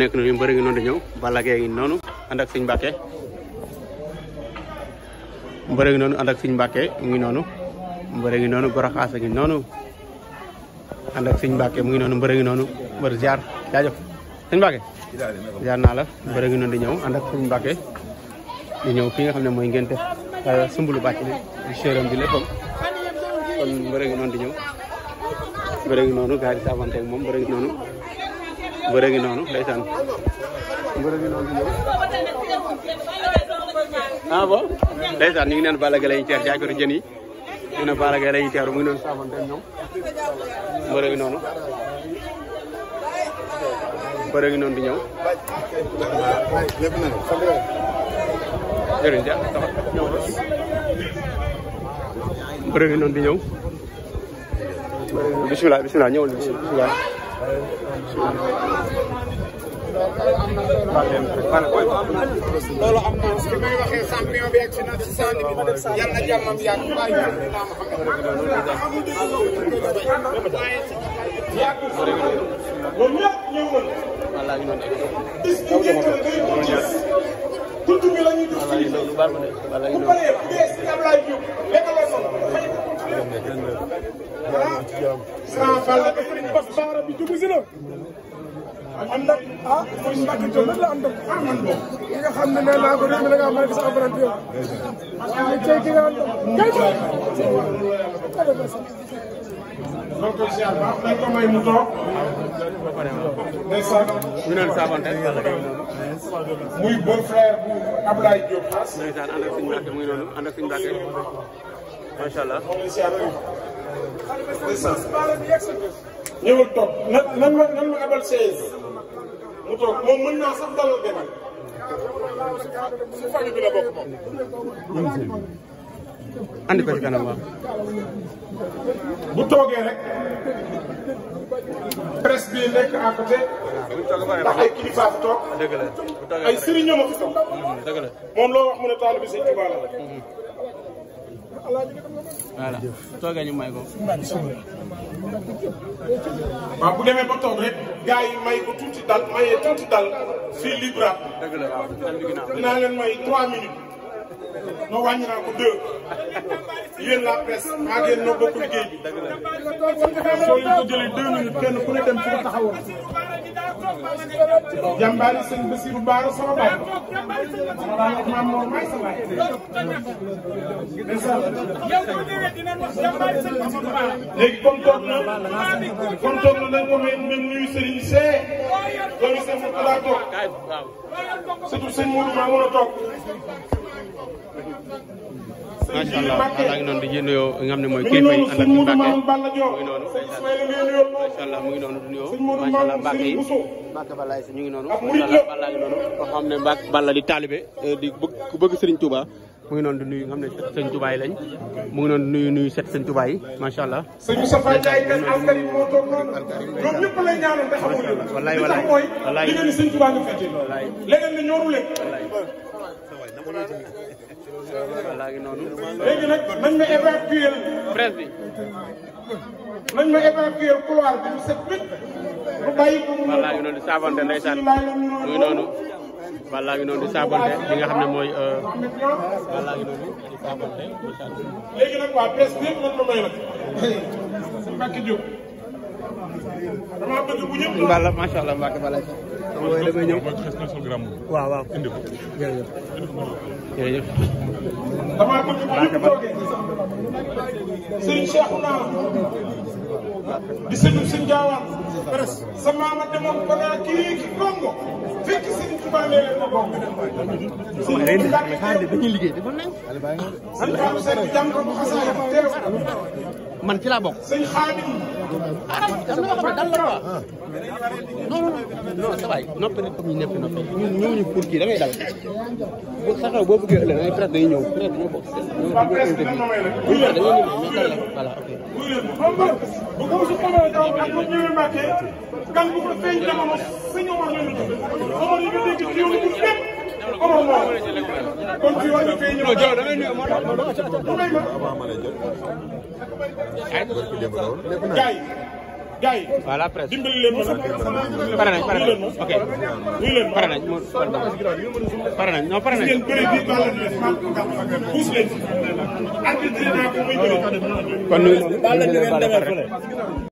nekk na ñu mbëri ngi noonu di ñëw Balla Gaye ngi noonu ànd ak Sëñ Mbàkke ngi noonu ànd ak Sëñ Mbàkke ngi noonu mbëri ngi noonu Gora Xaas ngi noonu ànd ak mu ngi noonu mbëri ngi noonu mbër ziar jaajëf Sëñ Mbàkke ziar naa la mbëri ngi noonu di ñëw ànd ak Sëñ Mbàkke di ñëw fii nga xam ne mooy ngénte sumbulu bàcc li séeram bi léppam kon mbëri ngi noonu di ñëw mbëri ngi noonu gars yi savante moom mbëri ngi mbër a noonu ndeysaan mbër a ngi noonu ah bon ndeysaan ñu ngi naan Balla Gaye la ñuy teer jaakaaru jën yi ñu mu ngi noonu saafante ñoom mbër a ngi noonu mbër noonu di ñëw jërëjëf ñëw loolu am na si may waxee champion bi ak finance si saa ni yàlla jàmmam yàgg waaye yàlla naa ma xam ne. waaye Franc Balla ak Serigne si la. am nag ah Serigne la am nag ah man boobu. ki nga ne nee parce que tey ki am nag kay donc ziar macha allah. ñëwul toog nan nan ma nan ma abal chaise mu toog moom mën naa sax dalal demal su famille bi la bokk moom. andi ko ci kanam waaw. bu toogee rek presse bi nekk à côté ndax ay kilifa fi toog ay sëriñam a fi toog moom loo wax mu ne taalibe Sëriñ Tuubaa la voilà toogee ñu may ko. waaw bu demee ba toog rek gars yi may ko tuuti dal mayee tuuti dal fii libre. dëgg la waaw dinaa leen may 3 minutes. non wàññi naa ko 2. yéen la presse maa ngi leen noo bokk liggéey bi. dëgg la soo leen ko jëlee 2 minutes kenn ku ne dem fu ko taxawoon. jàmbaari sëñ Basiru Baara sama baay ma daan wax maam Mor may sa baay léegi kon toog na kon toog na dañ ko may nuyu sëriñ see loolu sëñ Mourou laa toog surtout sëñ Mourou maa mën a toog macha allah maa ngi noonu di nuyoo nga xam ne mooy kilifa yi ànd ak Mbàkke mu ngi noonu macha allah mu ngi noonu di nuyoo macha allah Mbàkke yi Mbàkke Balla ñu ngi noonu macha allah Balla ngi noonu koo xam ne Mbàkke Balla di taalibe eh, di bëgg ku bëgg Serigne Touba mu ngi noonu di nuyu nga xam ne set Serigne Touba yi lañ mu ngi noonu di nuyu nuyu set Serigne Touba yi macha allah. macha allah wallaay wallaay wallaay wallaay. ngi noonu. léegi nag nañ ma évacuer presse bi. nañ ma évacuer couloir bi mu set wécc. bu bàyyi ko mu wallaa ngi noonu di saabonte ndeysaan mu ngi noonu. wallaa ngi noonu di saabonte li nga xam ne mooy. wallaa euh, ngi noonu di saabonte incha allah. léegi nag waa presse bi yëpp nañ ma may nag. Mbacke Diop. damaa bëgg bu ñëpp. Mballa macha allah Mbacke Balaye. mooy damay ñëw waaw waaw jërëjëf jërëjëf damaa bëgg bu ñu toogee sëriñ Cheikhouna ki Congo fekk ma bokk sëriñ Tuubaa dañuy liggéey dafa nañ sëriñ Fallou Seck jàng ko xasaay man ci laa la non non sa waay noppi nag comme ñu nekk noppi ñun ñëwuñu pour kii bu sa xew boo bëggee ëllëg da bu ñu dañoo ñëw mais bu ko su xamee daw ak bu ñëwee màkkee kan bu ko feeñ bu fépp ma lay jël ay ko lépp gars yi. waaw la presse dimbali leen ma nag. pare nañ pare nañ ok. wuyu leen ma pare pare nañ non pare nañ. pousse leen. kon nuyu